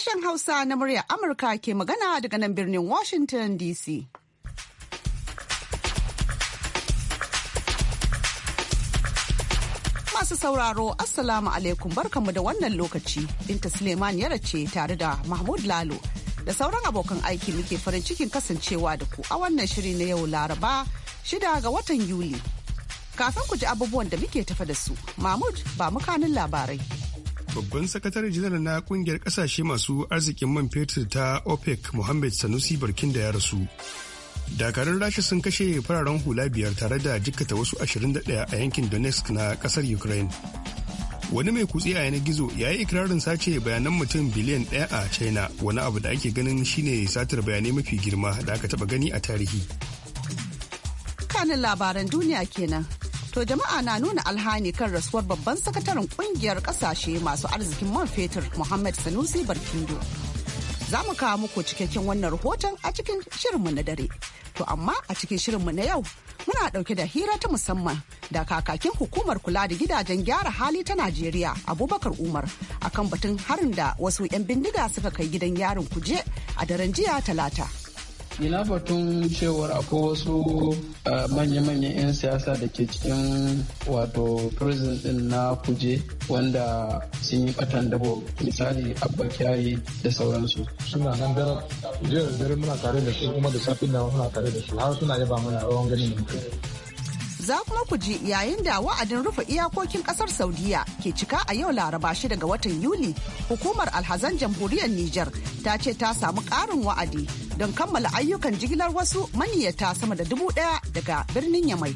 Sashen Hausa na murya Amurka ke magana daga nan birnin Washington DC. Masu sauraro, Assalamu alaikum barkamu da wannan lokaci. Binta Suleiman yara ce tare da Mahmud Lalo. Da sauran abokan aiki muke farin cikin kasancewa da ku a wannan shiri na yau Laraba shida ga watan Yuli. Kafin ku ji abubuwan da muke tafa da su, Mahmud ba mu mukanin labarai. babban sakatare janar na kungiyar kasashe masu arzikin man fetur ta opec mohammed sanusi barkin da ya rasu dakarun rasha sun kashe fararen hula biyar tare da jikkata wasu 21 a yankin donetsk na kasar ukraine wani mai kutse a yanar gizo ya yi ikirarin sace bayanan mutum biliyan ɗaya a china wani abu da ake ganin shine satar bayanai mafi girma da aka taba gani a tarihi kanin labaran duniya kenan To jama'a na nuna alhani kan rasuwar babban sakataren kungiyar kasashe masu arzikin man fetur Muhammad Sanusi Barkindo. Za mu kawo muku cikakken wannan rahoton a cikin shirinmu na dare. To amma a cikin shirinmu na yau muna ɗauke da hira ta musamman da kakakin hukumar kula da gidajen gyara hali ta Najeriya Abubakar Umar akan batun harin da wasu 'yan bindiga suka kai gidan yarin kuje a daren jiya talata. ina batun cewar akwai wasu manya-manyan 'yan siyasa da ke cikin wato prison din na kuje wanda sun yi batan dabo misali abba kyayi da sauransu suna nan dara jiyar da dare muna tare da su kuma da safi na muna tare da su har suna yaba mana rawan gani za kuma ku ji yayin da wa'adin rufe iyakokin kasar saudiya ke cika a yau laraba shi daga watan yuli hukumar alhazan jamhuriyar niger ta ce ta samu karin wa'adi don kammala ayyukan jigilar wasu maniyata sama da dubu ɗaya daga birnin Yamai.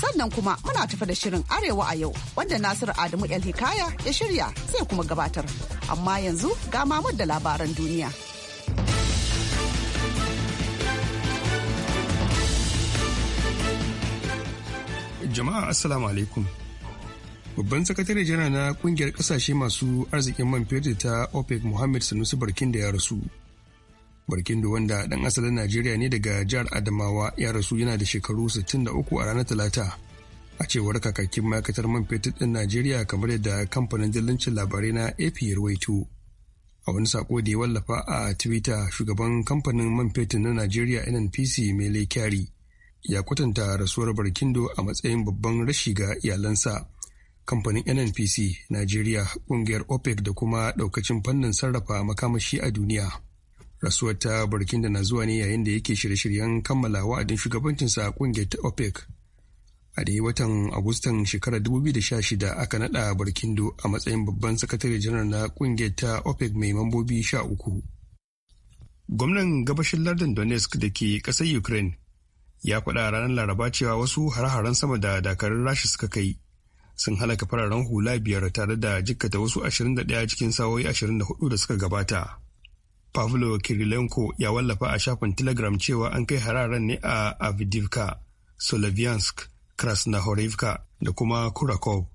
Sannan kuma muna tafi da shirin Arewa a yau wanda Nasiru Adamu El Hikaya ya shirya zai kuma gabatar. Amma yanzu ga da labaran duniya. jama'a assalamu alaikum babban sakatare jana na kungiyar kasashe masu arzikin man fetur ta opec muhammad sanusi barkin da ya rasu barkindo wanda ɗan asalin najeriya ne daga jihar adamawa ya rasu yana da shekaru 63 a ranar talata a cewar kakakin ma'aikatar man fetur ɗin najeriya kamar yadda kamfanin dillancin labarai na ap ya a wani sako da ya wallafa a twitter shugaban kamfanin man fetur na najeriya nnpc mele kyari ya kwatanta rasuwar barkindo a matsayin babban rashi ga iyalansa kamfanin nnpc najeriya ƙungiyar opec da kuma ɗaukacin fannin sarrafa makamashi a duniya rasuwar ta burkina na zuwa ne yayin da yake shirye-shiryen kammala wa'adin shugabancinsa a kungiyar ta opec a dai watan agustan shekarar 2016 aka nada burkindo a matsayin babban sakatare janar na kungiyar ta opec mai mambobi 13 gwamnan gabashin lardin donetsk da ke kasar ukraine ya faɗa ranar laraba cewa wasu har-haren sama da dakarun rashi suka kai sun halaka fararen hula biyar tare da jikkata wasu 21 cikin sawoyi 24 da suka gabata Pavlo Kirilenko ya wallafa a shafin Telegram cewa an kai hararen ne a Avdivka, Solovyansk, Krasnohorivka da kuma Kurakov.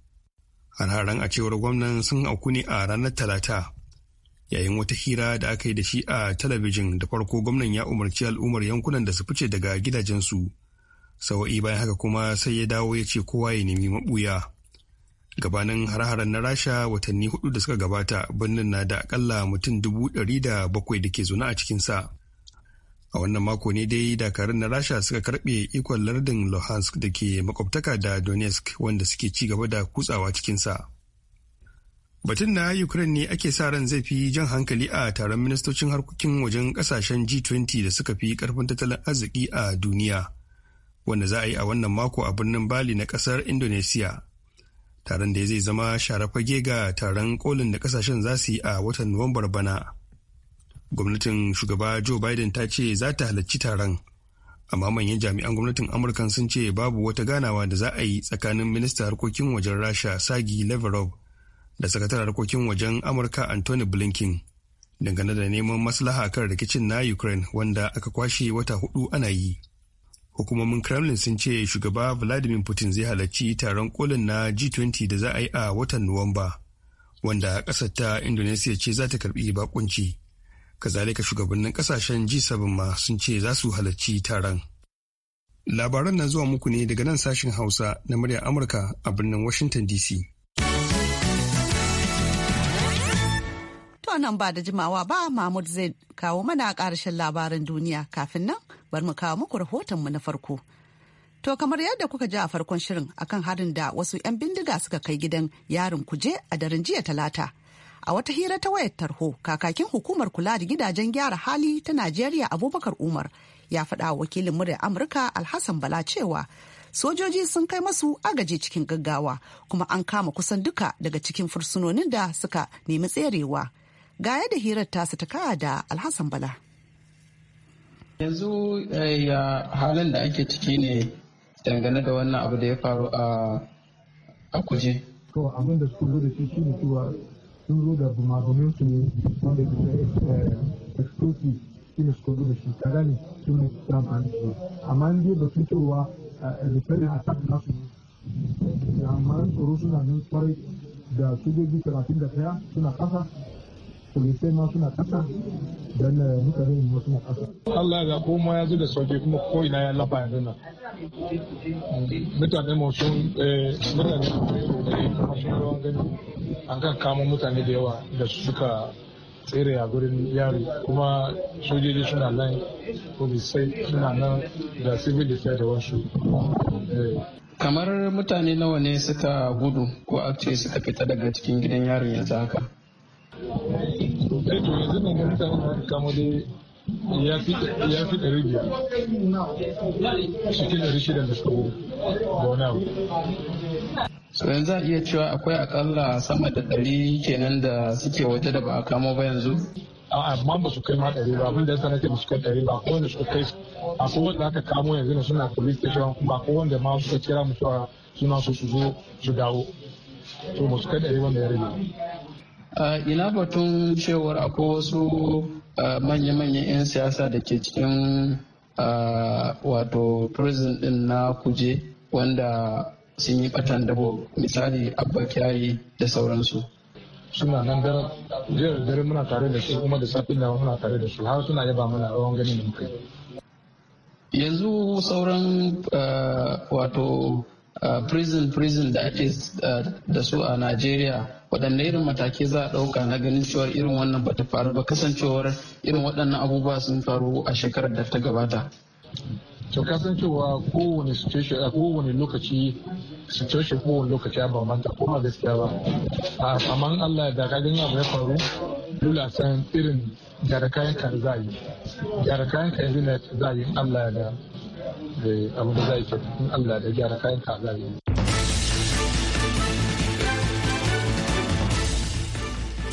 Hararen a cewar gwamnan sun auku ne a ranar Talata. Yayin wata hira da aka yi da shi a talabijin da farko gwamnan ya umarci al'ummar yankunan da su fice daga gidajensu. Sawa'i bayan haka kuma sai ya dawo ya ce kowa ya nemi mabuya. gabanin har-haren na rasha watanni hudu da suka gabata birnin na da akalla mutum dubu ɗari da bakwai da ke zuna a cikinsa a wannan mako ne dai dakarun na rasha suka karbe ikon lardin luhansk da ke makwabtaka da donetsk wanda suke ci gaba da kutsawa cikinsa batun na ukraine ne ake sa ran zai fi jan hankali a taron ministocin harkokin wajen kasashen g20 da suka fi karfin tattalin arziki a duniya wanda za a yi a wannan mako a birnin bali na kasar indonesiya. taron da zai zama sharafage ga taron kolin da kasashen za su yi a watan nuwambar bana gwamnatin shugaba joe biden ta ce za ta halarci taron amma manyan jami'an gwamnatin amurka sun ce babu wata ganawa da za a yi tsakanin minista harkokin wajen rasha sagi leverov da sakatar harkokin wajen amurka anthony blinken dangane da neman maslaha kan rikicin na ukraine wanda aka kwashe wata hudu ana yi hukumomin kremlin sun ce shugaba vladimir putin zai halarci taron kolin na g20 da za a yi a watan nuwamba wanda ƙasar ta indonesia ce za ta karbi bakunci kazalika shugabannin kasashen g7 ma sun ce za su halarci taron labaran na zuwa muku ne daga nan sashen hausa na murya amurka a birnin washington dc zuwa nan ba da jimawa ba Mahmud zai kawo mana ƙarshen labarin duniya kafin nan bar mu kawo muku rahotonmu na farko. To kamar yadda kuka ji a farkon shirin akan harin da wasu 'yan bindiga suka kai gidan yarin kuje a daren jiya talata. A wata hira ta wayar tarho kakakin hukumar kula da gidajen gyara hali ta Najeriya Abubakar Umar ya faɗa wakilin muryar Amurka Alhassan Bala cewa sojoji sun kai masu agaji cikin gaggawa kuma an kama kusan duka daga cikin fursunonin da suka nemi tserewa. Ga yadda hirar tasa ta kawa da Alhassan Bala. Yanzu eh, ya halin da ake ciki ne dangane da wannan abu da ya faru a kuje. To abin da suka zo da shi shi ne cewa sun zo da bumabumin su ne wanda ke eh, explosive shi ne suka zo da shi kada ne su ne ta amfani da shi amma in dai su cewa referring eh, attack na su jami'an tsoro suna nan kwarai da bi talatin da ɗaya suna kasa polisai ma suna kasa don eh, mutane ma suna kasa. Allah ya ga koma ya zai da sauke kuma ko ina ya lafa yanzu nan. Mutane mu sun eh, mutane sun rawan gani an kan kamo mutane da yawa da suka tsere a gurin yari kuma sojoji suna nan polisai suna nan da civil defense da wasu. Eh. kamar mutane nawa ne suka gudu ko a ce suka fita daga cikin gidan yarin yanzu haka Eh to yanzu nan da mutane da dai ya fi ɗari biyar cikin ɗari shida da suka da wani abu. so yanzu a iya cewa akwai akalla sama da ɗari kenan da suke waje da ba a kamo ba yanzu? amma ba su kai ma ɗari ba abin da yasa nake ba su kai ɗari ba ko wanda suka kai akwai wanda aka kamo yanzu ne suna police station ba ko wanda ma suka kira mu cewa suna so su zo su dawo to ba su kai ɗari wanda ya rage ina batun cewar akwai wasu manya-manyan 'yan siyasa da ke cikin wato prison din na kuje wanda sun yi batan dabo misali abba kyayi da sauransu suna nan daren jiyar dare muna tare da su kuma da safin da muna tare da su har suna yaba mana rawan gani da muka yanzu sauran wato Uh, prison prison da ake uh, da su a Najeriya waɗanne irin matakai za a ɗauka na ganin cewar irin wannan bata faru ba kasancewar irin waɗannan abubuwa sun faru a shekarar da ta gabata. to kasancewa kowane situation a kowane lokaci situation kowane lokaci a bambanta ma gaskiya ba a saman Allah da ka gani abu ya faru dole san irin gyara kayan ka za yi gyara kayan ka yanzu za yi Allah da abin Allah da gyara kayan ka yi.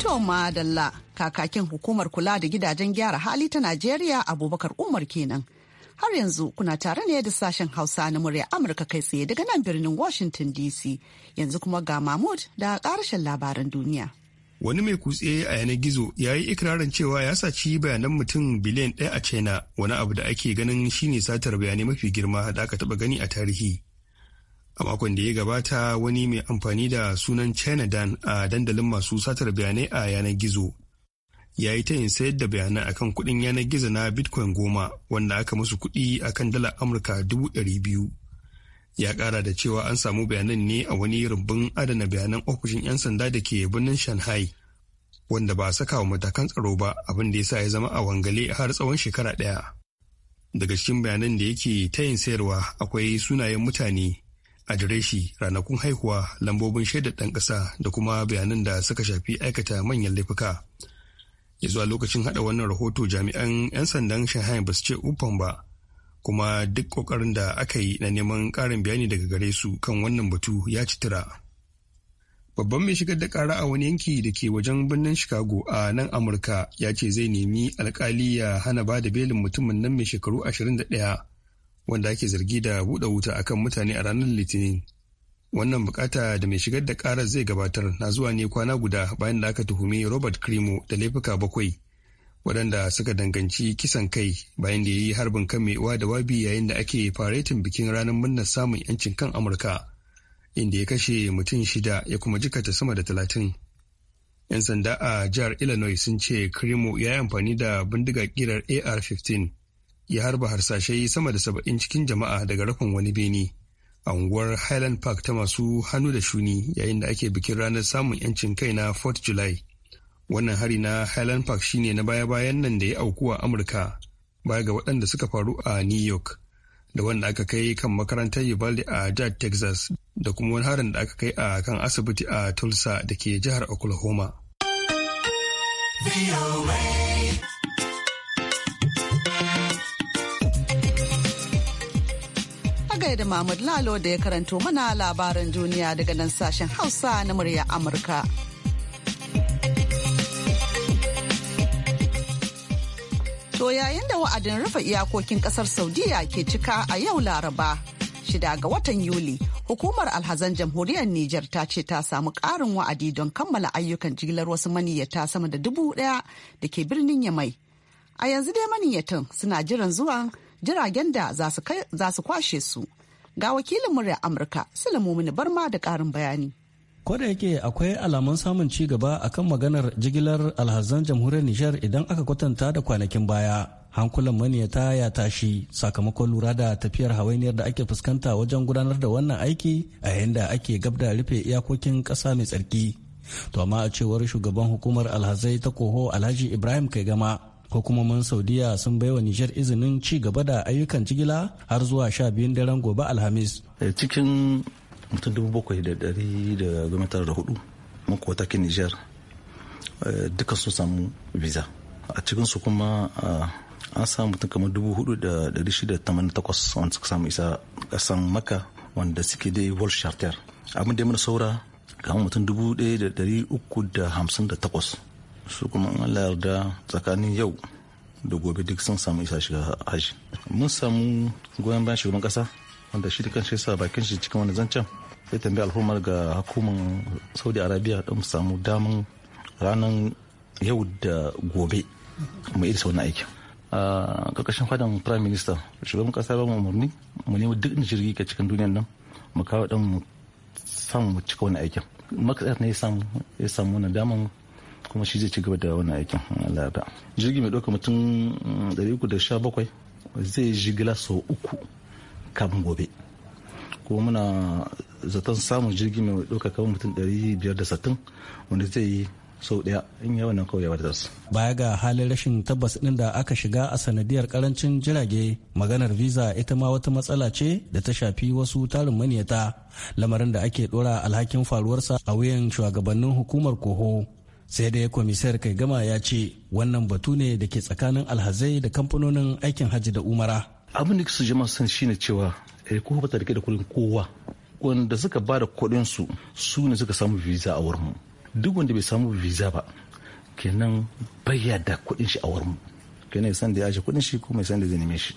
To madalla kakakin hukumar kula da gidajen gyara hali ta Najeriya Abubakar Umar kenan. Har yanzu kuna tare ne da sashen Hausa na murya Amurka kai tsaye daga nan birnin Washington DC. Yanzu kuma ga Mahmud da ƙarshen labaran duniya. wani mai kutse a yanar gizo ya yi ikirarin cewa ya saci bayanan mutum biliyan ɗaya a china wani abu da ake ganin shine satar bayanai mafi girma da aka taɓa gani a tarihi a makon da ya gabata wani mai amfani da sunan china dan a dandalin masu satar bayanai a yanar gizo ya yi tayin sayar da bayanai akan kuɗin yanar gizo na bitcoin goma wanda aka musu kuɗi akan dala amurka dubu ɗari biyu ya kara da cewa an samu bayanan ne a wani rumbun adana bayanan ofishin 'yan sanda da ke birnin shanghai wanda ba a saka wa matakan tsaro ba abin da ya sa ya zama a wangale har tsawon shekara ɗaya. Daga cikin bayanan da yake ta yin sayarwa akwai sunayen mutane, adireshi, ranakun haihuwa, lambobin shaidar ɗan ƙasa da kuma bayanan da suka shafi aikata manyan laifuka. Ya zuwa lokacin haɗa wannan rahoto jami'an 'yan sandan Shanghai ba su ce ba kuma duk kokarin da aka yi na neman karin bayani daga gare su kan wannan batu ya ci tura. Babban mai shigar da kara a wani yanki da ke wajen birnin Chicago a nan Amurka ya ce zai nemi alkali ya hana ba da belin mutumin nan mai shekaru 21 wanda ake zargi da buɗe wuta akan mutane a ranar Litinin. Wannan bukata da mai shigar da karar zai gabatar na zuwa ne kwana guda bayan da aka tuhumi Robert Cremo da laifuka bakwai waɗanda suka danganci kisan kai bayan da ya yi harbin kan mai uwa da wabi yayin da ake faretin bikin ranar murnar samun 'yancin kan amurka inda ya kashe mutum shida ya kuma jikata sama da talatin 'yan sanda a jihar illinois sun ce krimo ya yi amfani da bindiga kirar ar-15 ya harba harsashe sama da saba'in cikin jama'a daga rafin wani bene a unguwar highland park ta masu hannu da shuni yayin da ake bikin ranar samun 'yancin kai na 4 july wannan hari na highland park shine na baya-bayan nan da ya auku a amurka baya ga waɗanda suka faru a new york da wanda aka kai kan makarantar uvalde a jad texas da kuma wani harin da aka kai a kan asibiti a tulsa da ke jihar oklahoma da Mahmud Lalo da ya karanto mana labaran duniya daga nan sashen Hausa na murya Amurka. To yayin da wa'adin rufe iyakokin kasar Saudiya ke cika a yau Laraba, shida ga watan Yuli, hukumar alhazan jamhuriyar Nijar ta ce ta samu ƙarin wa'adi don kammala ayyukan jigilar wasu maniyyata sama da dubu ɗaya da ke birnin Yamai. A yanzu dai maniyyatan suna jiran zuwa jiragen da za su kwashe su. Ga wakilin murya Amurka, Sulemu Barma da ƙarin bayani. Koda yake akwai alamun samun ci gaba akan maganar jigilar alhazan jamhuriyar Nijar idan aka kwatanta da kwanakin baya. Hankulan maniyata ya tashi sakamakon lura da tafiyar hawainiyar da ake fuskanta wajen gudanar da wannan aiki a yayin da ake gabda rufe iyakokin ƙasa mai tsarki. To amma a cewar shugaban hukumar alhazai ta koho Alhaji Ibrahim Kai Gama hukumomin saudiya sun baiwa nijar izinin ci gaba da ayyukan jigila har zuwa sha biyun daren gobe alhamis eh, cikin mutum dubu bakwai da dari da goma tara da hudu mun kuwa take niger eh, duka sun samu visa a cikinsu kuma eh, an samu mutum kamar dubu hudu da dari shida tamanin takwas wanda suka samu isa kasan maka wanda suke dai world charter abin da mana saura kamar mutum dubu daya da dari uku da hamsin da takwas su kuma an Allah yarda tsakanin yau da gobe duk sun samu isa shiga haji mun samu goyon bayan shugaban kasa wanda shi da kan shi sa bakin shi cikin wani zancen zai tambi al'ummar ga hukumar saudi arabia don samu damar ranar yau da gobe mu irisa wani aikin a ƙarƙashin fadan prime minister shugaban ƙasa ba umarni mu nemi duk jirgi ka cikin duniyan nan mu kawo dan mu samu mu cika wani aikin makasar ne ya samu wani daman kuma shi zai ci gaba da wani aikin Allah jirgi mai ɗauka mutum 317 mm, zai jigila sau uku kafin gobe ko muna zaton samun jirgi mai ɗauka kawai mutum 560 wanda zai yi sau ɗaya in yi nan kawai ya su. Baya ga halin rashin tabbas ɗin da aka shiga a sanadiyar karancin jirage maganar visa ita ma wata matsala ce da ta shafi wasu tarin maniyata lamarin da ake ɗora alhakin faruwarsa a wuyan shugabannin hukumar koho. sai dai kwamisar kai gama ya ce wannan batu ne da ke tsakanin alhazai da kamfanonin aikin hajji da umara abin da su jama'a san shine cewa kai eh, ko ba ta rike da kuɗin kowa wanda suka ba da kuɗin su su ne suka samu visa a wurin duk wanda bai samu visa ba kenan bayya da kuɗin shi a wurin kenan san da ya shi kuɗin shi ko mai san da zai neme shi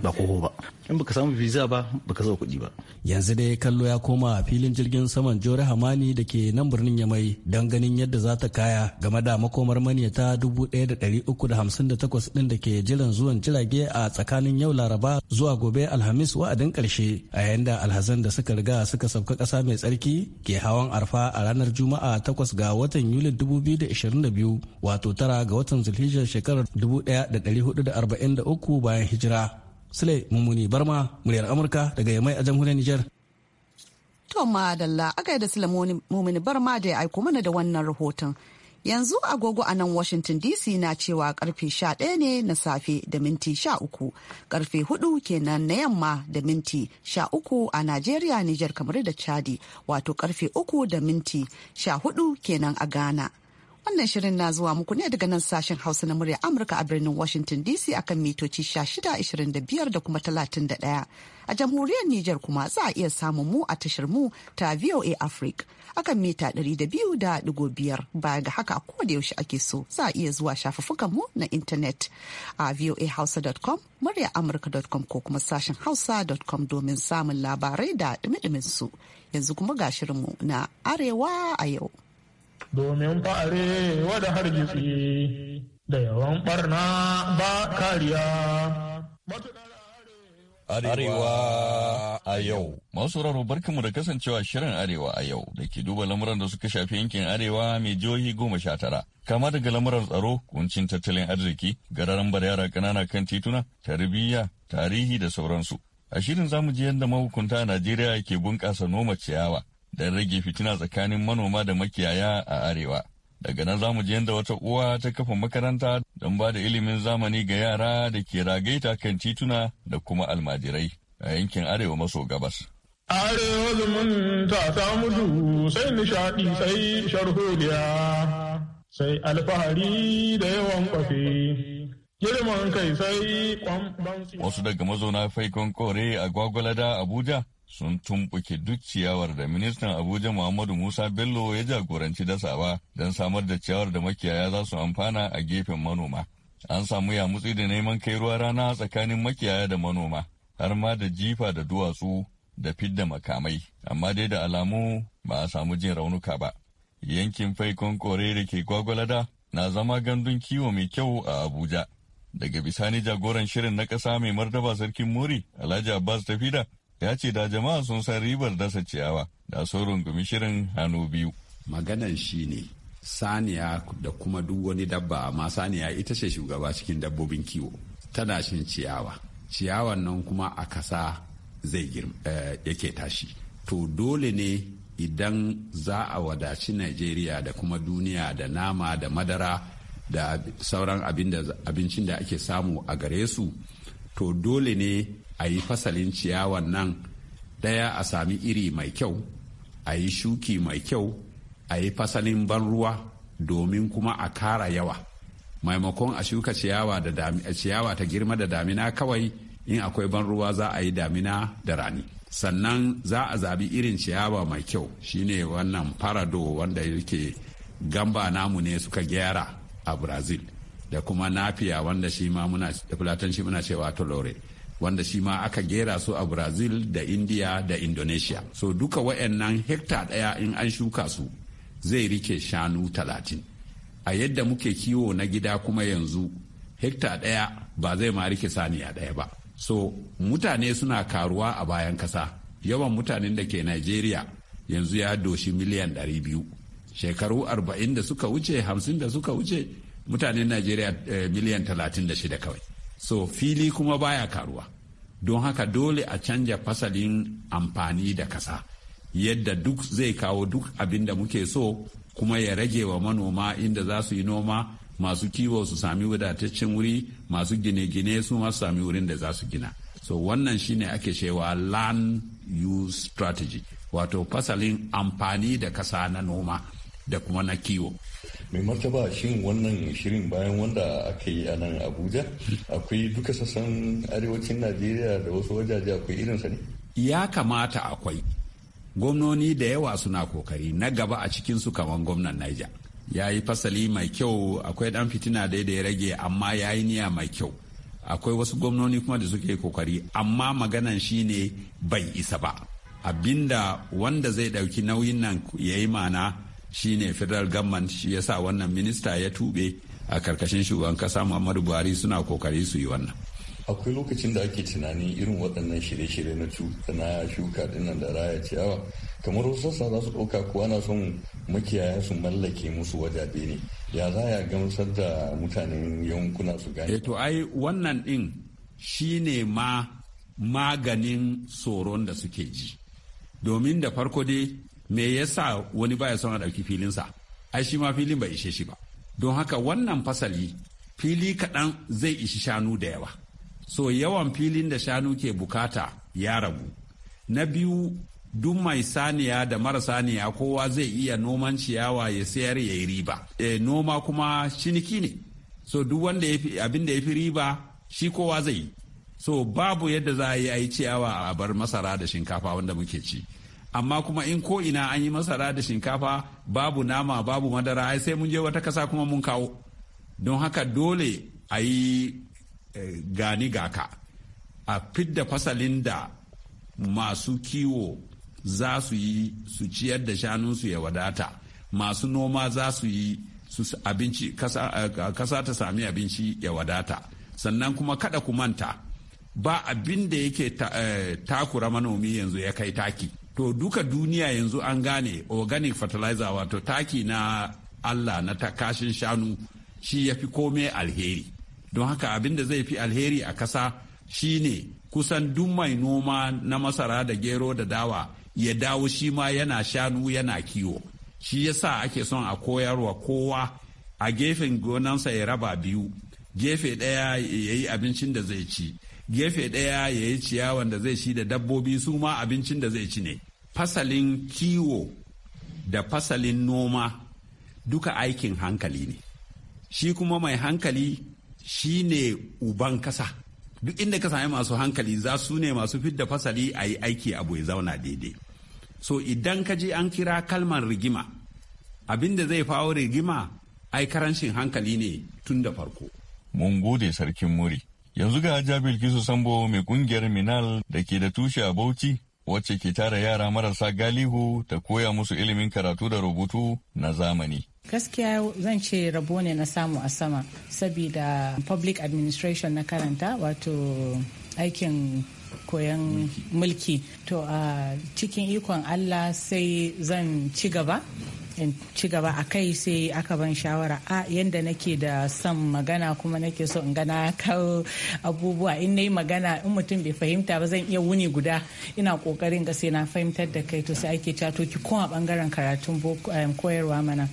ba koko ba in baka samu visa ba baka sau kuɗi ba yanzu dai kallo ya koma a filin jirgin saman jore hamani da ke nan birnin yamai don ganin yadda za ta kaya game da makomar manyata 1358 din da ke jiran zuwan jirage a tsakanin yau laraba zuwa gobe alhamis wa'adin karshe a yayin da alhazan da suka riga suka sauka ƙasa mai tsarki ke hawan arfa a ranar juma'a 8 ga watan yuli 2022 wato tara ga watan zulhijar shekarar 1443 bayan hijira Sule Mummuni Barma muryar Amurka daga Yamai a jamhuriyar Nijar. To madalla aka yi da Sule Mummuni Barma da ya aiko mana da wannan rahoton. Yanzu agogo a nan Washington DC na cewa karfe 11 ne na safe da minti sha-uku; karfe hudu kenan na yamma da minti sha-uku a Najeriya, Nijar kamar da Chadi, wato karfe uku da minti sha-hudu kenan a Ghana. Wannan shirin na zuwa muku ne daga nan sashen Hausa na murya Amurka a birnin Washington DC akan mitoci 1625 da kuma 31. A jamhuriyar Nijar kuma za a iya samun mu a tashar mu ta VOA Africa akan mita 200.5 baya ga haka a da yaushe ake so za a iya zuwa shafafukan mu na intanet a voahausa.com murya amurka.com ko kuma sashen hausa.com domin samun labarai da dumi su yanzu kuma ga shirinmu na arewa a yau. domin fa'are wada hargitsi da yawan barna ba kariya. Arewa a yau. Masu raro barkanmu da kasancewa shirin Arewa a yau da ke duba lamuran da suka shafi yankin Arewa mai jihohi goma sha tara. Kama daga lamuran tsaro, kuncin tattalin arziki, gararan bar yara ƙanana kan tituna, tarbiyya, tarihi da sauransu. A shirin zamu ji yadda mahukunta a Najeriya ke bunƙasa noma ciyawa don rage fitina tsakanin manoma da makiyaya a arewa. Daga nan zamu je yadda wata uwa ta kafa makaranta don ba da ilimin zamani ga yara da ke ragaita kan tituna da kuma almajirai a yankin arewa maso gabas. Arewa zumunta ta mutu sai nishaɗi sai sharholiya sai alfahari da yawan kwafe. Girman kai sai Wasu daga mazauna faikon kore a Gwagwalada Abuja sun tumbuke duk ciyawar da ministan Abuja Muhammadu Musa Bello ya jagoranci dasawa don samar da ciyawar da makiyaya za su amfana a gefen manoma. An samu yamutsi da neman kai ruwa rana tsakanin makiyaya da manoma, har ma da jifa da duwatsu da fidda makamai, amma dai da alamu ba a samu jin raunuka ba. Yankin faikon kore da ke gwagwalada na zama gandun kiwo mai kyau a Abuja. Daga bisani jagoran shirin na ƙasa mai martaba sarkin Muri, Alhaji Abbas Tafida, ya ce da jama'a sun san ribar dasa ciyawa da sauran rungumi shirin hannu biyu. Maganan shi ne saniya da kuma duk wani dabba amma saniya ita ce shugaba cikin dabbobin kiwo tana shin ciyawa ciyawan nan kuma a kasa zai girma eh, yake tashi to dole ne idan za a wadaci najeriya da kuma duniya da nama da madara da sauran abincin da ake samu a gare su to dole ne a yi fasalin ciyawan nan ɗaya a sami iri mai kyau a yi shuki mai kyau a yi fasalin ban ruwa domin kuma a kara yawa maimakon a shuka ciyawa da ciyawa ta girma da damina kawai in akwai ban ruwa za a yi damina da rani sannan za a zabi irin ciyawa mai kyau shine wannan farado wanda yake gamba namu ne suka gyara a brazil da kuma nafiya wanda shi ma muna da muna cewa tolore wanda shi ma aka gera su a brazil da india da indonesia so duka nan hekta daya in an shuka su zai rike shanu talatin a yadda muke kiwo na gida kuma yanzu hekta daya ba zai ma rike saniya daya ba so mutane suna karuwa a bayan kasa yawan mutanen da ke nigeria yanzu ya doshi miliyan biyu shekaru arba'in da suka wuce 50 da suka wuce mutanen nigeria eh, miliyan shida kawai so fili kuma baya karuwa don haka dole a canja fasalin amfani da kasa yadda duk zai kawo duk abin da muke so kuma ya rage wa manoma inda za su yi noma masu kiwo su sami wadataccen wuri masu gine-gine su masu sami wurin da za su gina so wannan shine ake cewa land use strategy wato fasalin amfani da kasa na noma da kuma na kiwo mai martaba shin wannan shirin bayan wanda aka yi a nan abuja akwai duka sassan arewacin najeriya da wasu wajaje akwai irinsa ne ya kamata akwai gwamnoni da yawa suna kokari na gaba a cikinsu kamar gwamnan niger ya yi fasali mai kyau akwai dan fitina dai da ya rage amma ya yi niyya mai kyau akwai wasu gwamnoni kuma da suke kokari amma maganan shine bai isa ba abinda wanda zai ɗauki nauyin nan ya yi mana shine federal government shi sa wannan minista ya tube a karkashin shugaban kasa muhammadu buhari suna kokari su yi wannan akwai lokacin da ake tunanin irin waɗannan shirye-shirye na na shuka dinnan da raya ciyawa kamar wasu sassa za su ɗauka kuwa na son makiyaya su mallake musu wajabe ne ya za ya gamsar da mutanen yankuna su gane eh to ai wannan ɗin shine ma maganin tsoron da suke ji domin da farko dai me yasa wani baya son a ɗauki filinsa ai shi ma filin bai ishe shi ba don haka wannan fasali fili kaɗan zai ishi shanu da yawa so yawan filin da shanu ke bukata ya rabu na biyu duk mai saniya da mara saniya kowa zai iya noman ciyawa ya sayar ya yi riba e, noma kuma ciniki ne so duk wanda abin da ya fi riba shi kowa zai yi so babu yadda za a yi a ciyawa a bar masara da shinkafa wanda muke ci amma kuma in ko ina an yi masara da shinkafa babu nama babu madara ai sai mun je wata kasa kuma mun kawo don haka dole a yi eh, gani gaka a fidda fasalin da masu kiwo za su yi su ciyar da shanunsu ya wadata masu noma za su yi su abinci eh, kasa ta sami abinci ya wadata sannan kuma kada ku manta ba abin da yake eh, takura manomi yanzu ya kai taki to duka duniya yanzu an gane organic fertilizer wato taki na allah na takashin shanu shi ya fi komai alheri don haka abin da zai fi alheri a kasa ne kusan duk mai noma na masara da gero da dawa ya dawo shi ma yana shanu yana kiwo shi yasa ake son a koyarwa kowa a gefen gonansa ya raba biyu gefe ɗaya ya yi abincin da zai ci gefe ɗaya ya yi ciyawan da zai ci da dabbobi su ma abincin da zai ci ne fasalin kiwo da fasalin noma duka aikin hankali ne shi kuma mai hankali shi ne uban kasa duk inda ka sami masu hankali za su ne masu fidda fasali a yi aiki abu ya zauna daidai so idan ka je an kira kalmar rigima abin da zai fawo rigima ai karancin hankali ne tun da farko mun gode sarkin muri Yanzu ga Hajiya Bilkisu Sambo mai kungiyar Minal da ke da tushe a Bauchi wacce ke tara yara marasa galihu ta koya musu ilimin karatu da rubutu na zamani. gaskiya zan ce rabo ne na samu a sama saboda public administration na karanta wato aikin koyon mulki to a cikin ikon allah sai zan ci gaba in ci gaba a kai sai aka ban shawara a yadda nake da son magana kuma nake so in gana kawo abubuwa in na yi magana in mutum bai fahimta ba zan iya wuni guda ina kokarin ga sai na fahimtar da kai to sai ake cato ki kuma bangaren karatun eh, koyarwa mana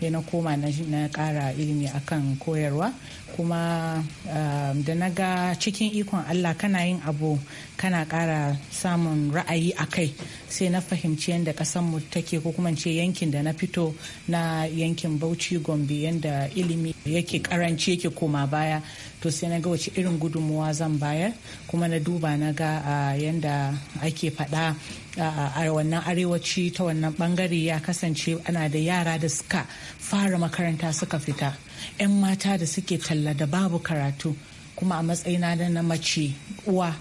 sai na koma na kara ilimi akan koyarwa kuma eh, da na ga cikin ikon allah kana yin abu kana ƙara samun ra'ayi a kai sai na fahimci yadda ƙasanmu take ko kuma ce yankin da na fito na yankin bauchi gombe yadda ilimi yake karanci yake koma baya to sai na ga wace irin gudunmuwa zan bayar kuma na duba na ga yadda ake faɗa a wannan arewaci ta wannan bangare ya kasance ana da yara da suka fara makaranta suka fita 'yan mata da suke talla da babu karatu kuma a matsayina na mace uwa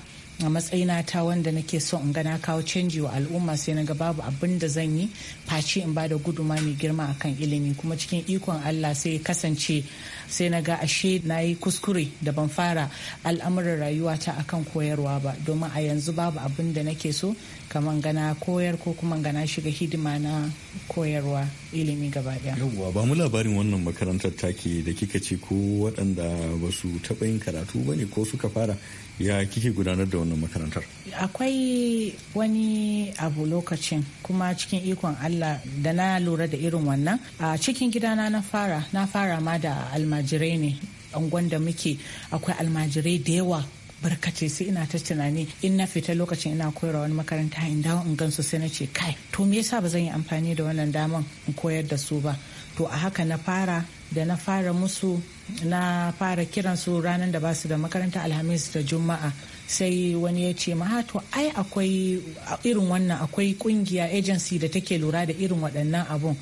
a matsayina ta wanda nake so in gana kawo canji wa al'umma sai na ga babu abin da zan yi face in bada guduma mai girma akan ilimi kuma cikin ikon Allah sai kasance sai na ga ashe na yi kuskure da ban fara al'amuran rayuwata akan koyarwa ba domin a yanzu babu abin da nake so kamar gana koyar ko kuma gana shiga hidima na koyarwa ilimi gaba daya yawwa ba mu labarin wannan makarantar take da kika ce ko waɗanda ba su taɓa yin karatu ba ne ko suka fara ya kike gudanar da wannan makarantar akwai wani abu lokacin kuma cikin ikon allah da na lura da irin wannan a cikin gidana na fara na fara ma da almajirai ne angon da muke akwai almajirai da yawa barkace sai ina ta tunani in na fita lokacin ina koyarwa wani makaranta in dawo in gansu sai na ce kai to me yasa ba zan yi amfani da wannan daman in koyar da su ba to a haka na fara da na fara musu na fara kiran su ranar da basu da makaranta alhamis da juma'a sai wani ya ce ma to ai akwai irin wannan akwai kungiya agency da take lura da irin waɗannan abun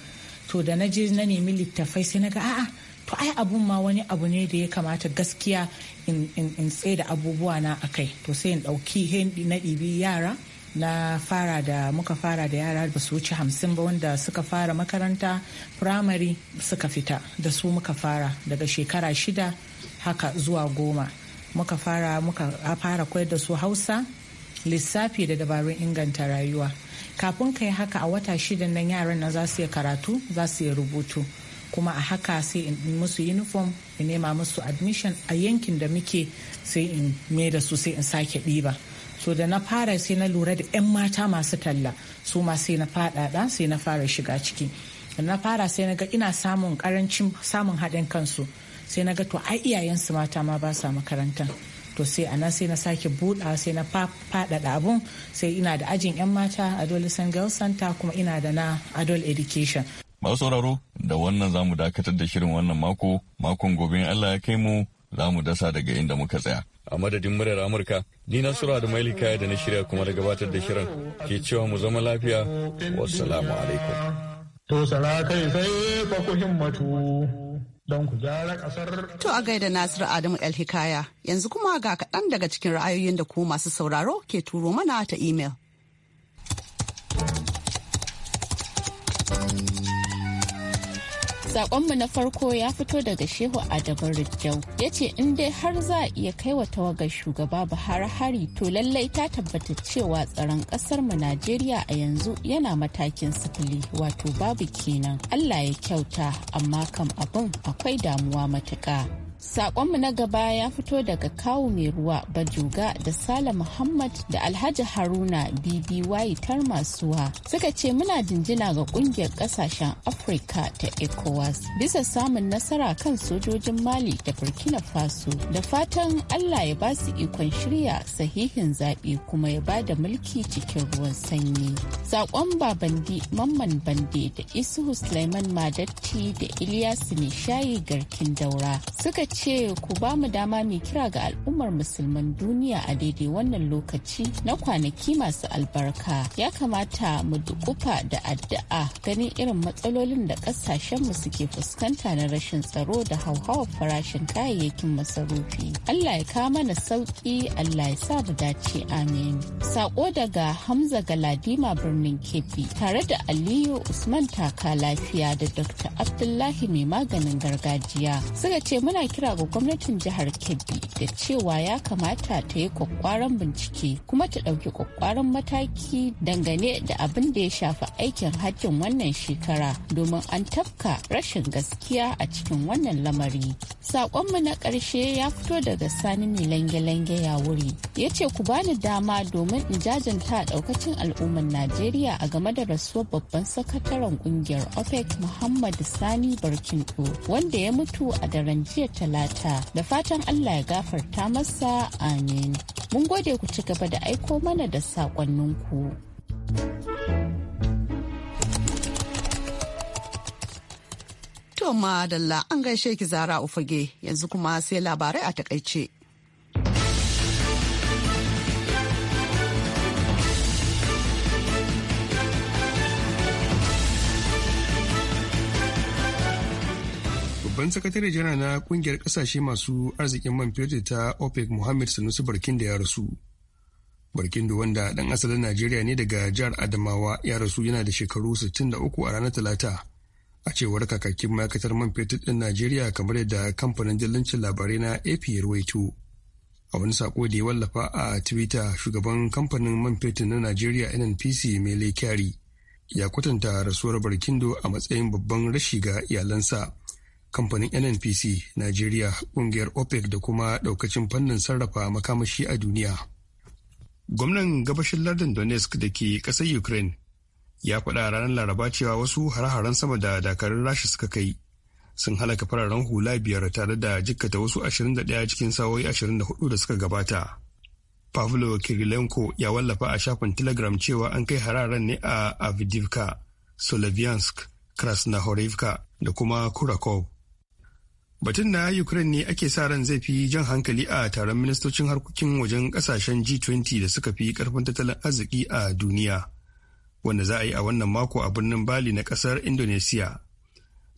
to da na je na nemi littafai sai na ga a'a to ai abun ma wani abu ne da ya kamata gaskiya in tsaye da abubuwa na akai to sai in ɗauki na ɗibi yara na fara da muka fara da yara ba su wuce hamsin ba wanda suka fara makaranta firamare suka fita da su muka fara daga shekara shida haka zuwa goma muka fara muka fara koyar da su hausa lissafi da dabarun inganta rayuwa kafin kai haka a wata shida nan yaran na za su yi karatu za su yi rubutu kuma a haka sai in musu uniform in nema musu admission a yankin da muke sai in me da su sai in sake ɗiba so da na fara sai na lura da 'yan mata masu talla su ma sai na faɗaɗa sai na fara shiga ciki da na fara sai na ga ina samun karancin samun haɗin kansu sai na ga to a iyayensu mata ma ba sa makaranta to sai a nan sai na sake buɗa sai na faɗaɗa abun sai ina da ajin 'yan mata adolescent girls center kuma ina da na adult education Masu sauraro da wannan za mu dakatar da shirin wannan mako, makon gobe Allah ya kai mu za mu dasa daga inda muka tsaya. A madadin muryar Amurka, ni na sura da maili kaya da na shirya kuma da gabatar da shirin ke cewa mu zama lafiya. Wassalamu alaikum. To sala sai fa ku himmatu don ku gyara kasar. To a gaida Nasiru Adamu El Hikaya, yanzu kuma ga kaɗan daga cikin ra'ayoyin da ku masu sauraro ke turo mana ta imel. Sakonmu na farko ya fito daga Shehu Adabar Rijau. Ya ce in dai har za a iya kai wa tawagar shugaba Buhari hari to lallai ta tabbata cewa tsaron kasar mu Najeriya a yanzu yana matakin sifili wato babu kenan. Allah ya kyauta amma kam abin akwai damuwa matuƙa. Sakonmu na gaba ya fito daga kawu mai ruwa Bajuga da Sala Muhammad da Alhaji Haruna BBY masuwa suka ce muna jinjina ga kungiyar kasashen Afirka ta ECOWAS bisa samun nasara kan sojojin Mali da Burkina Faso da fatan Allah ya ba su ikon shirya sahihin zaɓe kuma ya ba da mulki cikin ruwan sanyi. Sakon Babandi Mamman Bande da Isuhu Sulaiman Madatti da Ilyas Nishayi Garkin Daura suka ce ku ba mu dama mai kira ga al'ummar musulman duniya a daidai wannan lokaci na kwanaki masu albarka ya kamata mu dukufa da addu'a ganin irin matsalolin da mu suke fuskanta na rashin tsaro da hauhawar farashin kayayyakin masarufi allah ya ka mana sauki allah ya sa mu dace amin sako daga hamza galadima birnin kebbi tare da aliyu usman taka lafiya da dr abdullahi mai maganin gargajiya suka ce muna kira ga gwamnatin jihar Kebbi da cewa ya kamata ta yi kwakwaran bincike kuma ta ɗauki kwakwaran mataki dangane da abin da ya shafi aikin hajjin wannan shekara domin an tafka rashin gaskiya a cikin wannan lamari. Saƙonmu na ƙarshe ya fito daga Sani mai lange-lange ya wuri. Ya ce ku bani dama domin in jajanta ɗaukacin al'ummar Najeriya a game da rasuwar babban sakataren ƙungiyar OPEC Muhammad Sani Barkindo wanda ya mutu a daren jiya talata da fatan allah ya gafarta masa amin mun gode ku ci gaba da aiko mana da saƙonninku. To madalla an gaishe ki zara ufage yanzu kuma sai labarai a takaice. Babban sakatare jana na kungiyar kasashe masu arzikin man fetur ta OPEC Mohammed Sanusi Barkindo ya rasu. Barkindo wanda 'dan asalin Najeriya ne daga jihar Adamawa ya rasu yana da shekaru 63 a ranar Talata. A cewar kakakin ma'aikatar man fetur ɗin Najeriya kamar yadda kamfanin dillancin labarai na AP ya A wani sako da ya wallafa a Twitter shugaban kamfanin man fetur na Najeriya NNPC Mele Kyari ya kwatanta rasuwar Barkindo a matsayin babban rashi ga iyalansa. kamfanin nnpc najeriya kungiyar opec da kuma daukacin fannin sarrafa makamashi a duniya gwamnan gabashin lardin donetsk da ke ƙasar ukraine ya faɗa ranar laraba cewa wasu hare-haren sama da dakarun rasha suka kai sun halaka fararen hula biyar tare da jikkata wasu 21 cikin sawoyi 24 da suka gabata pavlo kirilenko ya wallafa a shafin telegram cewa an kai hararen ne a avdivka soloviansk krasnohorivka da kuma kurakov Batun na Ukraine ne ake sa ran zai fi jan hankali a taron ministocin harkokin wajen kasashen G20 da suka fi karfin tattalin arziki a duniya, wanda za a yi a wannan mako a birnin Bali na kasar Indonesia.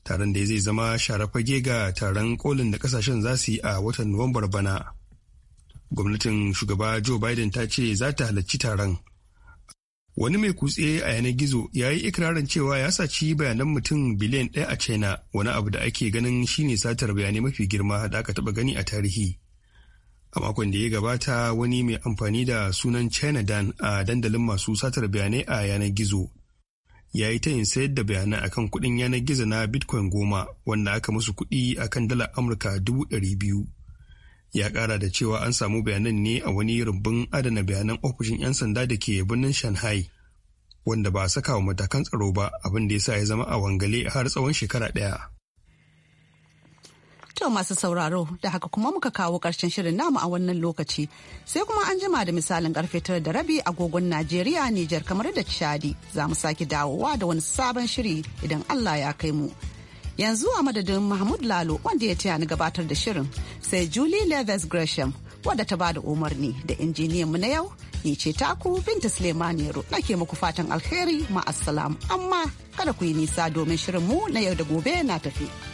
Taron da zai zama sharafage ga taron kolin da kasashen za su yi a watan Nuwambar bana. Gwamnatin shugaba Joe Biden ta ce za ta halarci taron. Wani mai kutse a yanar gizo ya yi ikirarin cewa ya saci bayanan mutum biliyan ɗaya a China wani abu da ake ganin shine satar bayanai mafi girma da aka taɓa gani a tarihi. A makon da ya gabata wani mai amfani da sunan China Dan a dandalin masu satar bayanai a yanar gizo. Ya yi tayin sayar da bayanai akan kuɗin yanar gizo na Bitcoin goma wanda aka musu kuɗi akan dalar Amurka dubu ɗari biyu. ya kara da cewa an samu bayanan ne a wani rumbun adana bayanan ofishin 'yan sanda da ke birnin shanghai wanda ba a saka wa matakan tsaro ba abin da ya sa ya zama a wangale har tsawon shekara daya. To masu sauraro da haka kuma muka kawo ƙarshen shirin namu a wannan lokaci sai kuma an jima da misalin karfe tara da rabi agogon Najeriya Nijar kamar da Chadi za mu sake dawowa da wani sabon shiri idan Allah ya kai mu. yanzu a madadin mahmud lalo wanda ya taya ni gabatar da shirin sai julie leathers gresham wadda ta da umarni da injiniyan mu na yau ni ce taku binta na nake muku fatan alheri ma'assalam amma kada ku yi nisa domin shirin mu na yau da gobe na tafi.